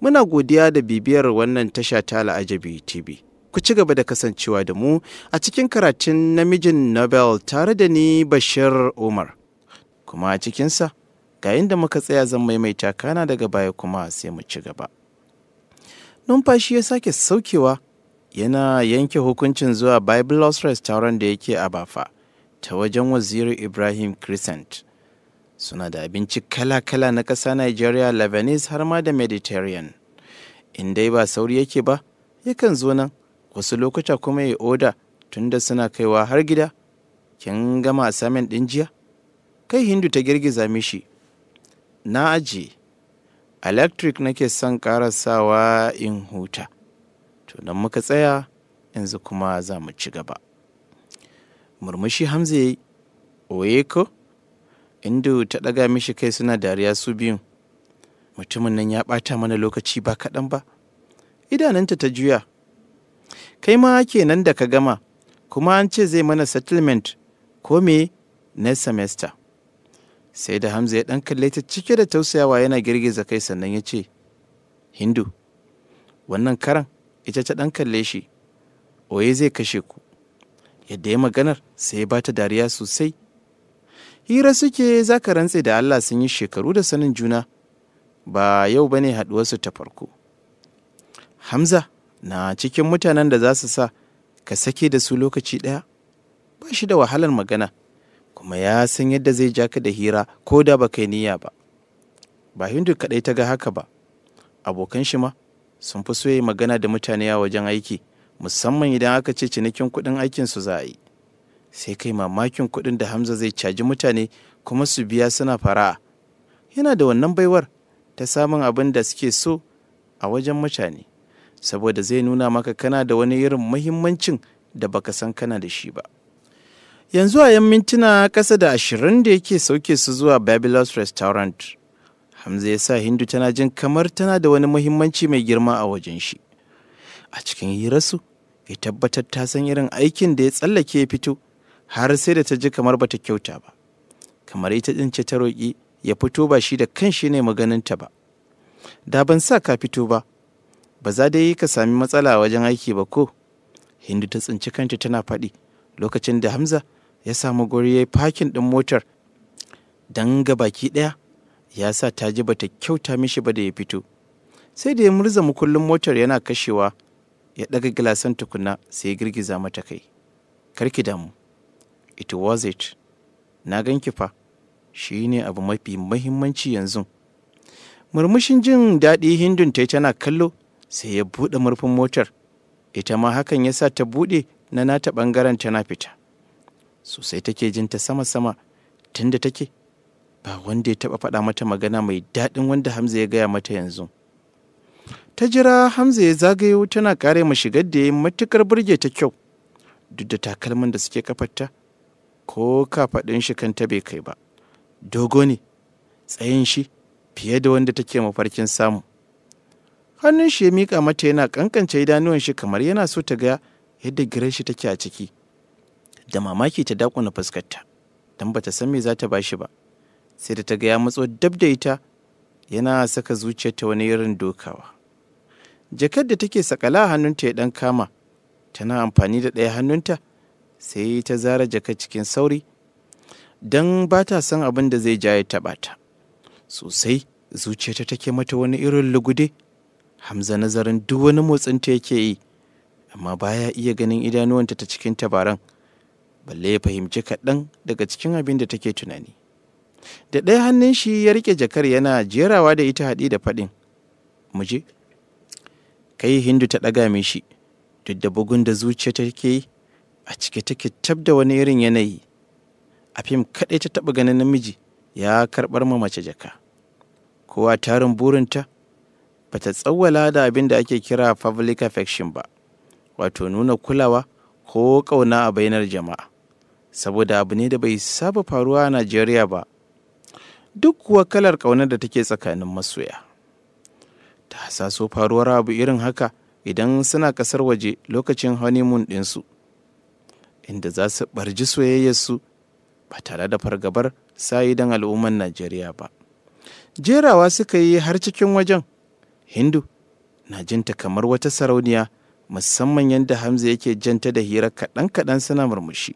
Muna godiya da bibiyar wannan tasha ta Al'ajabi TV. Ku ci gaba da kasancewa da mu a cikin karatun namijin Nobel tare da ni Bashir Umar. Kuma a cikinsa, ga inda muka tsaya zan maimaita kana daga baya kuma sai mu ci gaba. Numfashi ya sake saukewa yana yanke hukuncin zuwa Bible Lost Restaurant da yake a Bafa ta wajen waziri Ibrahim Crescent. suna da abinci kala-kala na ƙasa Nigeria, Lebanese har ma da Mediterranean. In dai ba sauri yake ba, yakan zo nan, wasu lokuta kuma ya oda tunda suna kaiwa har gida. Kin gama assignment ɗin jiya? Kai Hindu ta girgiza mishi. Na aji, electric nake son ƙarasawa in huta. To nan muka tsaya, yanzu kuma za mu ci gaba. Murmushi Hamza ya yi, Oyeko? indu ta ɗaga mishi kai suna dariya su biyun mutumin nan ya ɓata mana lokaci ba kaɗan ba idananta ta juya kai ma nan da ka gama kuma an ce zai mana settlement ko me na semester sai da hamza ya ɗan kalle ta cike da tausayawa yana girgiza kai sannan ya ce hindu wannan karan ita ta ɗan kalle shi oye zai kashe ku yadda ya maganar sai ya bata dariya sosai hira suke zaka ka rantse da Allah sun yi shekaru da sanin juna ba yau bane haduwarsu ta farko Hamza na cikin mutanen da za su sa ka sake da su lokaci ɗaya ba shi da wahalar magana kuma ya san yadda zai ja ka da hira ko da ba kai niyya ba ba hindu kaɗai ta ga haka ba abokan shi ma sun fi so magana da mutane a wajen aiki musamman idan aka ce cinikin kuɗin aikinsu za a yi sai kai mamakin kuɗin da hamza zai caji mutane kuma su biya suna fara'a yana da wannan baiwar ta samun abin da suke so a wajen mutane saboda zai nuna maka kana da wani irin muhimmancin da baka san kana da shi ba yanzu a yan mintuna ƙasa da ashirin da yake sauke su zuwa babylon's restaurant hamza ya sa hindu tana jin kamar tana da wani muhimmanci mai girma a wajen shi a cikin hirarsu ya tabbatar ta san irin aikin da ya tsallake ya fito har sai da ta ji kamar bata kyauta ba kamar ita din ce ta roƙi ya fito ba shi da kan kanshi ne ta ba da ban sa ka fito ba ba za dai ka sami matsala wajen aiki ba ko hindu ta tsinci kanta tana faɗi lokacin da hamza ya samu gori ya yi fakin ɗin motar don ga baki ɗaya ya sa ta ji bata kyauta mishi ba da ya fito sai da ya murza mukullin motar yana kashewa ya ɗaga gilasan tukuna sai ya girgiza mata kai karki damu it was it na ganki fa shi ne abu mafi mahimmanci yanzu murmushin jin daɗi hindun ta tana kallo sai ya buɗe murfin motar ita ma hakan ya sa ta buɗe na nata ɓangaren tana fita sosai take jin ta sama-sama tunda take ba wanda ya taɓa faɗa mata magana mai daɗin wanda hamza ya gaya mata yanzu ta jira hamza ya zagayo tana kare ma shigar da ya matukar burge ta kyau duk da takalmin da suke kafarta ko ka faɗin shi kanta bai kai ba dogo ne tsayin shi fiye da wanda take mafarkin samu hannun shi ya miƙa mata yana ƙankance idanuwan shi kamar yana so ta ga yadda girar shi take a ciki da mamaki ta dakuna fuskarta don bata san me za ta ba shi ba sai da ta gaya ya matso dab da ita yana saka zuciyarta wani irin dokawa jakar da take sakala hannunta ya ɗan kama tana amfani da ɗaya hannunta sai ta zara jaka cikin sauri don ba ta son abin da zai jaye taɓa ta sosai zuciyarta take mata wani irin lugude hamza nazarin duk wani motsin ta yake yi amma baya iya ganin idanuwanta ta cikin tabaran balle ya fahimci kaɗan daga cikin abin da take tunani da ɗaya hannun shi ya rike jakar yana jerawa da ita haɗi da faɗin muje kai hindu ta ɗaga mishi duk da bugun da zuciya take yi a cike take tab da wani irin yanayi a fim kaɗai ta taɓa ganin namiji ya karɓar ma mace jaka kowa tarin burinta ba ta tsawwala da abin da ake kira public affection ba wato nuna kulawa ko ƙauna a bainar jama'a saboda abu ne da bai saba faruwa a najeriya ba duk kuwa kalar ƙaunar da take tsakanin masoya ta hasaso faruwar abu irin haka idan suna ƙasar waje lokacin honeymoon ɗinsu. inda za su barji soyayyarsu ba tare da fargabar sayi don al'ummar najeriya ba jerawa suka yi har cikin wajen hindu na jinta kamar wata sarauniya musamman yadda hamza yake janta da hira kaɗan-kaɗan suna murmushi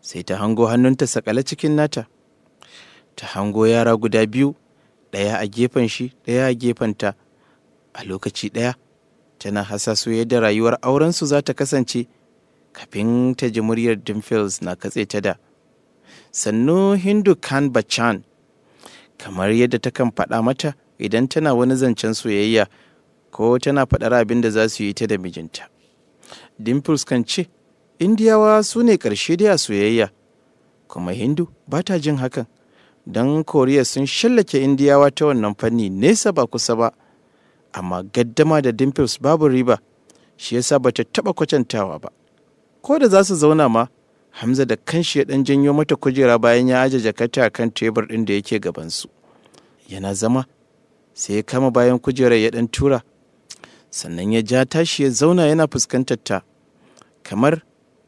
sai ta hango hannunta sakale cikin nata ta hango yara guda biyu ɗaya a gefen shi ɗaya a gefenta a lokaci ɗaya tana hasaso yadda rayuwar aurensu za ta kasance kafin ta ji muryar Dimfils na katse ta da. Sannu Hindu Khan Bachan, kamar yadda ta kan faɗa mata idan tana wani zancen soyayya ko tana faɗar abin da za su yi ta da mijinta. dimfils kan ce, Indiyawa su ne ƙarshe dai a soyayya, kuma Hindu ba ta jin hakan, don Koriya sun shallake Indiyawa ta wannan fanni nesa ba kusa ba, amma gaddama da Dimples babu riba, shi yasa ba ta taɓa kwatantawa ba. ko da za su zauna ma hamza da kanshi ya dan janyo mata kujera bayan ya aje jakata kan tebur ɗin da yake gabansu yana zama sai ya kama bayan kujerar ya dan tura sannan ya ja tashi ya zauna yana fuskantar ta kamar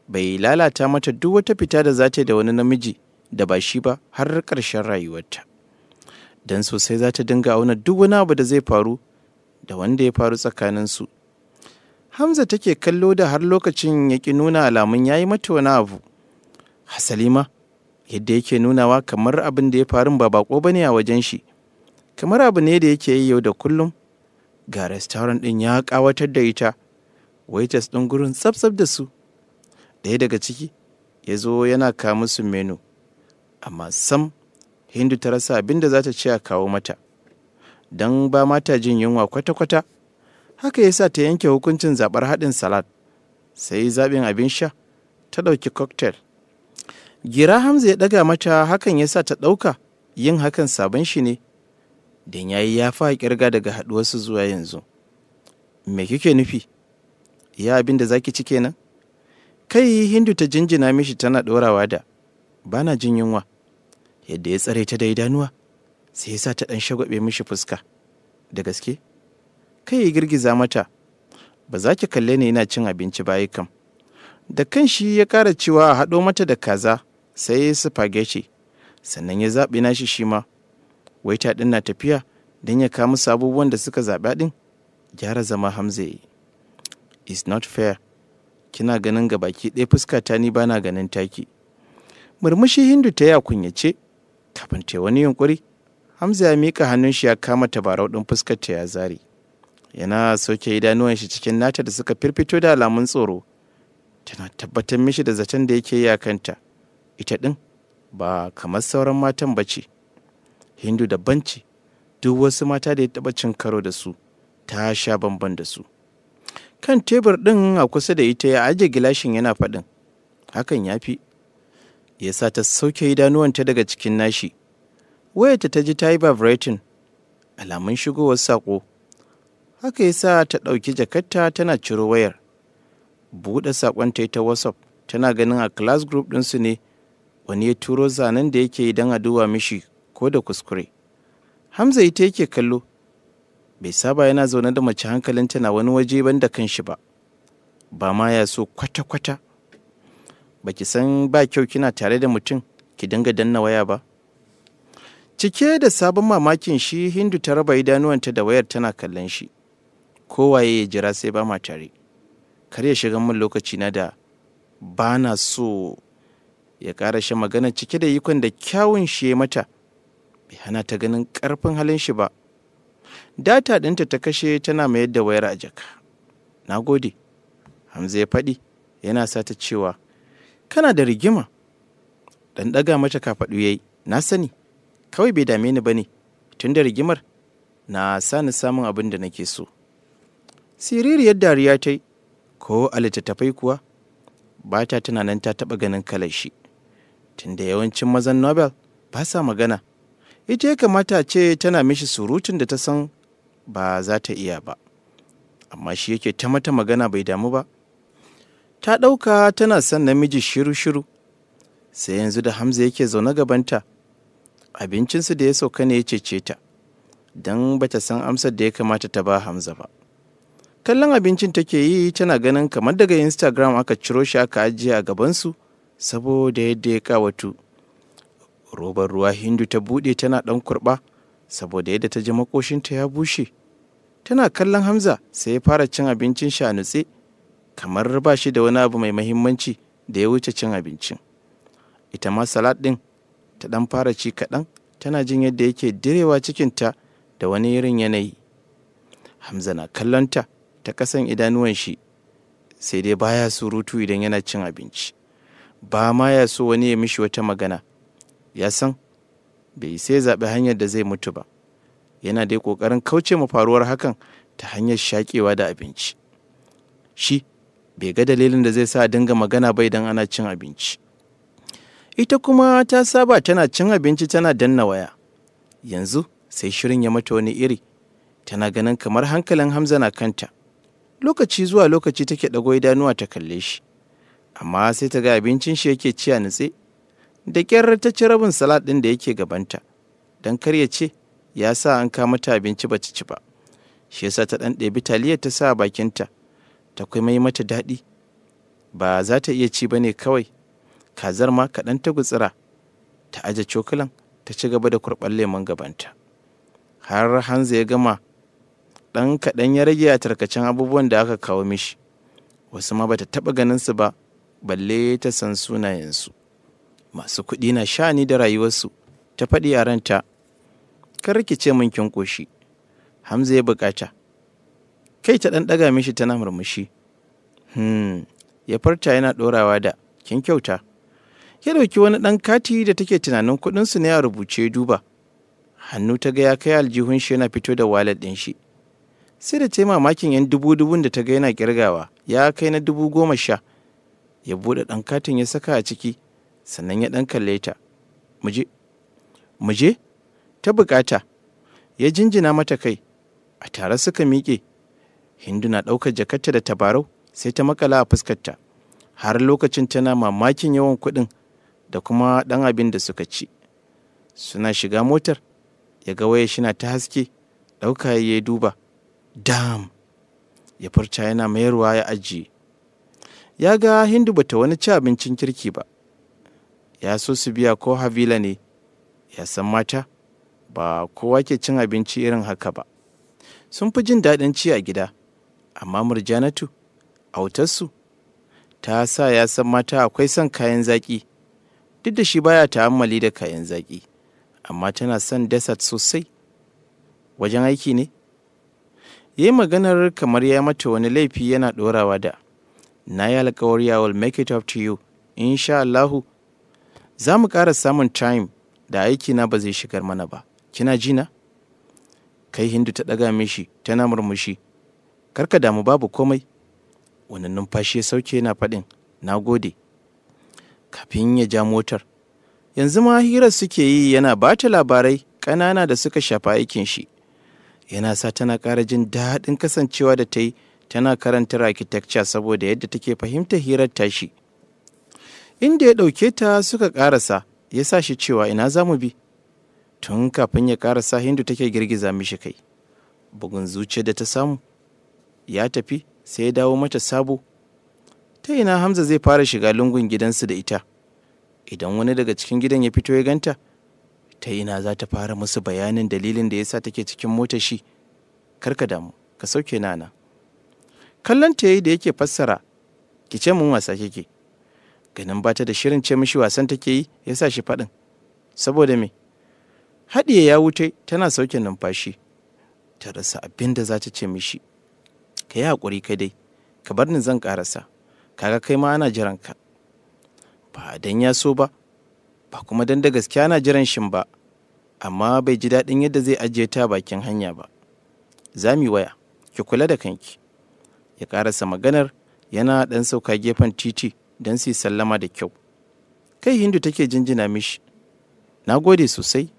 bai lalata mata duk wata fita da za ta da wani namiji da ba shi ba har ƙarshen rayuwarta dan sosai za ta dinga auna duk wani abu da zai faru da wanda ya faru tsakaninsu Hamza take kallo da har lokacin ya ki nuna alamun ya yi mata wani abu. Hasalima, yadda yake nunawa kamar abin da ya faru ba bako bane a wajen shi. Kamar abu ne da yake yi yau da kullum. Ga restaurant ɗin ya ƙawatar da ita. Waitas ɗin gurin tsabtsab da su. Ɗaya daga ciki ya zo yana kawo musu menu. Amma sam Hindu ta rasa abin da za ta ce a kawo mata. Don ba mata jin yunwa kwata-kwata. haka ya sa ta yanke hukuncin zaɓar haɗin salad sai zaɓin abin sha ta ɗauki cocktail gira hamza ya ɗaga mata hakan ya sa ta ɗauka yin hakan sabon shi ne don yayi ya fa kirga daga haɗuwarsu zuwa yanzu me kike nufi ya abin da zaki ci kenan kai hindu ta jinjina mishi tana ɗorawa da bana jin yunwa yadda ya tsare ta da idanuwa sai ya sa ta ɗan shagwabe mishi fuska da gaske kai ya girgiza mata ba za ki kalle ni ina cin abinci bayi kam da kan shi ya ƙara cewa a haɗo mata da kaza sai ya spaghetti sannan ya zaɓi nashi shi ma Wai ta ɗin na tafiya don ya kama abubuwan da suka zaɓi ɗin gyara zama hamza yi is not fair kina ganin ga baki ɗaya fuska ta ni bana ganin taki murmushi hindu ta ya kunyace kafin ta wani yunkuri hamza ya mika hannun shi ya kama tabarau ɗin fuskar ta ya zare yana soke idanuwan shi cikin nata da suka firfito da alamun tsoro tana tabbatar mishi da zaton da yake yi a kanta ita ɗin ba kamar sauran matan ba ce hindu da ce duk wasu mata da ya taɓa cin karo da su ta sha bamban da su kan tebur ɗin a kusa da ita ya ajiye gilashin yana faɗin hakan ya fi ya sa ta sauke idanuwanta daga cikin nashi Wayata ta ji ta yi vibrating alamun shigowar saƙo haka ya sa ta ɗauki jakarta tana ciro wayar buɗe saƙon ta yi ta whatsapp tana ganin a class group ɗinsu ne wani ya turo zanen da yake don a duwa mishi ko da kuskure hamza ita yake kallo bai saba yana zaune da mace hankalin tana wani waje ban da kanshi ba ba ma ya so kwata-kwata Ba ki san ba kyau kina tare da mutum ki dinga danna waya ba cike da sabon mamakin shi hindu ta raba idanuwanta da wayar tana kallon shi kowaye ya jira sai ba ma tare kar ya shiga min lokaci na da ba na so ya ƙara shi magana cike da ikon da kyawun shi ya mata bai hana ta ganin ƙarfin halin shi ba data ɗinta ta kashe tana mayar da wayar a jaka na gode hamza ya faɗi yana sa ta cewa kana da rigima ɗan ɗaga mata kafaɗu yayi na sani kawai bai dame ni ba ne tun da rigimar na sani samun abin da nake so siririyar dariya ta yi ko a littattafai kuwa ba ta tunanin ta taɓa ganin kalar shi tunda yawancin mazan nobel ba sa magana ita ya kamata ce tana mishi surutun da ta san ba za ta iya ba amma shi yake ta mata magana bai damu ba ta ɗauka tana son namiji shiru-shiru sai yanzu da hamza yake zaune gabanta abincinsu da ya sauka ne ya cece ta don ba ta san amsar da ya kamata ta ba hamza ba kallon abincin take yi tana ganin kamar daga instagram aka ciro shi aka ajiye a gabansu saboda yadda ya kawatu robar ruwa hindu ta bude tana dan kurɓa saboda yadda ta ji makoshinta ya bushe tana kallon hamza sai ya fara cin abincin shi a nutse kamar ba shi da wani abu mai mahimmanci da ya wuce cin abincin ita ma salad ɗin ta ɗan fara ci kaɗan tana jin yadda yake direwa cikinta da wani irin yanayi hamza na kallonta ta kasan idanuwan shi sai dai baya surutu idan yana cin abinci ba ma ya so wani ya mishi wata magana ya san bai sai zaɓi hanyar da zai mutu ba yana dai ƙoƙarin kauce ma faruwar hakan ta hanyar shaƙewa da abinci shi bai ga dalilin da zai sa a dinga magana ba idan ana cin abinci ita kuma ta saba tana cin abinci tana danna waya yanzu sai shirin ya mata wani iri tana ganin kamar hankalin hamza na kanta lokaci zuwa lokaci take ɗago idanuwa ta kalle shi amma sai ta ga abincin shi yake ci a nutse da ƙyar ta ci rabin salad ɗin da yake gabanta don kar ya ce ya sa an kama mata abinci ba ci ba shi yasa ta ɗan ɗebi taliyar ta sa bakinta ta kai mai mata daɗi ba za ta iya ci ba ne kawai kazar ma kaɗan ta gutsira ta aje cokulan ta ci gaba da kurɓar lemon gabanta har hanzu ya gama ɗan kaɗan ya rage a tarkacen abubuwan da aka kawo mishi wasu ma bata taɓa ganin su ba balle ta san sunayensu masu kuɗi na sha'ani da rayuwarsu ta faɗi a ranta kar ki ce min kin ƙoshi hamza ya buƙata kai ta ɗan ɗaga mishi tana murmushi hmm ya farta yana ɗorawa da kin kyauta ya ɗauki wani ɗan kati da take tunanin kuɗinsu ne a rubuce duba hannu ta ga ya kai aljihun shi yana fito da walet ɗin shi sai da ta yi mamakin yan dubu dubun da ta ga yana kirgawa ya kai na dubu goma sha ya bude dan katin ya saka a ciki sannan ya dan kalle ta muje muje ta bukata ya jinjina mata kai a tare suka miƙe hindu na ɗaukar jakarta da tabarau sai ta makala a fuskarta har lokacin tana mamakin yawan kuɗin da kuma ɗan abin da suka ci suna shiga motar ya ga waya shina ta haske ɗauka ya duba dam ya furta yana mayarwa ya ajiye ya ga hindu bata wani ci abincin kirki ba ya so su biya ko havila ne ya san mata ba kowa ke cin abinci irin haka ba sun fi jin daɗin ci a gida amma murjanatu autarsu ta sa ya san mata akwai son kayan zaƙi duk da shi baya ta'ammali da kayan zaƙi amma tana son desert sosai wajen aiki ne ya yi maganar kamar ya mata wani laifi yana ɗorawa da na yi alkawari I will make it up to you insha Allahu za mu ƙara samun time da aikina ba zai shigar mana ba kina jina kai hindu ta ɗaga mishi tana murmushi karka damu babu komai wani numfashi sauke na faɗin na gode kafin ya ja motar yanzu ma hirar suke yi yana ba ta labarai ƙanana da suka shafa aikin shi yana sa tana ƙara jin daɗin kasancewa da ta yi tana karantar architecture saboda yadda take fahimtar hirar tashi inda ya ɗauke ta suka ƙarasa ya sa shi cewa ina za mu bi tun kafin ya ƙarasa hindu take girgiza mishi kai bugun zuciya da ta samu ya tafi sai ya dawo mata sabo ta ina hamza zai fara shiga lungun gidansu da ita idan wani daga cikin gidan ya fito ya ganta ta ina za ta fara musu bayanin dalilin da yasa take cikin motar shi karka damu ka sauke nana kallon ta yi da yake fassara ki ce mun wasa kike ganin bata da shirin ce mishi wasan take yi yasa shi faɗin saboda me haɗiye ya wuce tana sauke numfashi ta rasa abin da za ta ce mishi ka yi haƙuri ka dai ka bar ni zan ƙarasa kaga kai ma ana jiranka ba dan ya so ba ba kuma don da gaskiya na jiran shin ba amma bai ji daɗin yadda zai ajiye ta bakin hanya ba za mu waya ki kula da kanki ya ƙarasa maganar yana ɗan sauka gefen titi don su yi sallama da kyau kai hindu take jinjina mishi na gode sosai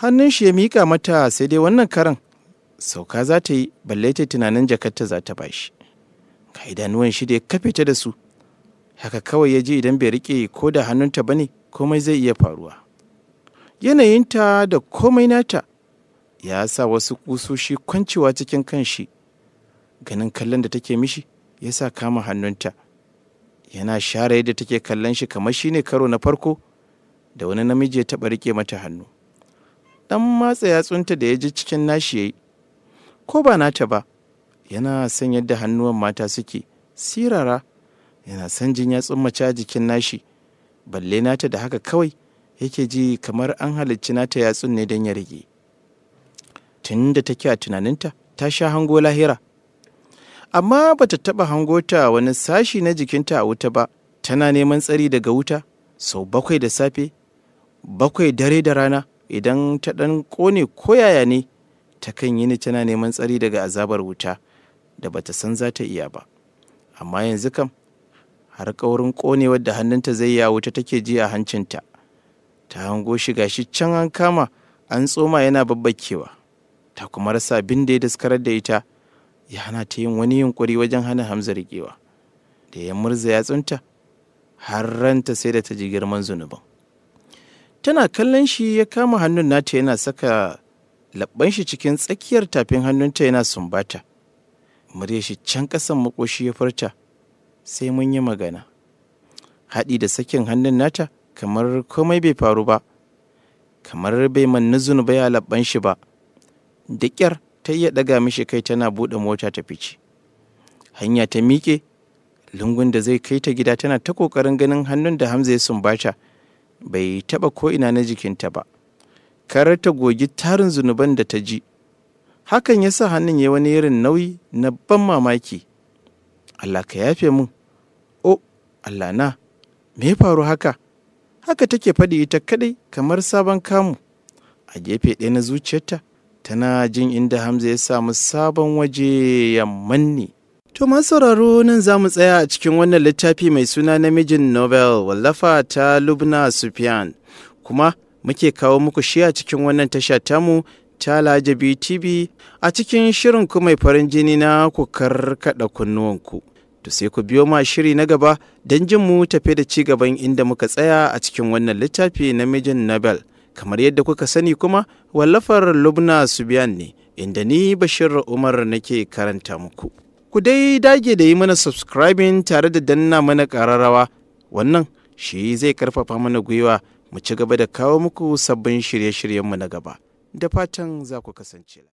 hannun shi ya mika mata sai dai wannan karan sauka za ta yi balle ta tunanin jakarta za ta bashi ka idanuwan shi da ya kafe ta da su haka kawai ya ji idan bai riƙe ko da hannunta ba ne komai zai iya faruwa yanayinta da komai nata ya sa wasu kusoshi kwancewa cikin kanshi ganin kallon da take mishi ya sa kama hannunta yana share yadda take kallon shi kamar shi ne karo na farko da wani namiji ya taɓa rike mata hannu ɗan matsa yatsunta da ya ji cikin nashi ya yi ko ba nata ba yana san yadda hannuwan mata suke sirara yana san jin yatsun mace a jikin nashi balle nata da haka kawai yake ji kamar an halicci nata yatsun ne don ya rage tun da take a tunaninta ta sha hango lahira amma bata taba hango ta wani sashi na jikinta a wuta ba tana neman tsari daga wuta sau bakwai da safe bakwai dare da rana idan ta ɗan ko yaya ne ta kan yi ni tana neman tsari daga azabar wuta da bata san za ta iya ba amma yanzu kam har ƙaurin kone wadda hannunta zai ya wuta take ji a hancinta ta hango shi gashi can an kama an tsoma yana babbakewa ta kuma rasa bin da ya daskarar da ita ya hana ta yin wani yunkuri wajen hana hamza riƙewa da ya murza yatsunta har ranta sai da ta ji girman zunubin tana kallon shi ya kama hannun nata yana saka labban shi cikin tsakiyar tafin hannunta yana sumbata murya shi can ƙasan makoshi ya furta sai mun yi magana haɗi da sakin hannun nata kamar komai bai faru ba kamar bai manni zunuba ya labban shi ba da ƙyar ta iya ɗaga mishi kai tana buɗe mota ta fice hanya ta miƙe lungun da zai kai ta gida tana ta ƙoƙarin ganin hannun da hamza ya sumbata bai taɓa ko'ina na jikinta ba karar ta gogi tarin zunuban da ta ji hakan ya sa hannun ya wani irin nauyi na ban mamaki Allah ka yafe mun Allah na, me ya faru haka? Haka take faɗi ita kaɗai kamar sabon kamu. A gefe ɗaya na zuciyarta, tana jin inda Hamza ya samu sabon waje ya manne. To sauraro nan za mu tsaya a cikin wannan littafi mai suna namijin Nobel wallafa ta Lubna Sufyan. Kuma muke kawo muku shi a cikin wannan tasha tamu ta Lajabi TV a cikin shirin ku mai farin jini na ku kaɗa kunnuwanku. to sai ku biyo ma shiri na gaba don jin mu tafe da ci gaban inda muka tsaya a cikin wannan littafi na mijin Nobel. Kamar yadda kuka sani kuma wallafar Lubna Subiyan ne inda ni Bashir Umar nake karanta muku. Ku dai dage da yi mana subscribing tare da danna mana ƙararrawa wannan shi zai karfafa mana gwiwa mu ci gaba da kawo muku sabbin shirye-shiryenmu na gaba. Da fatan za ku kasance.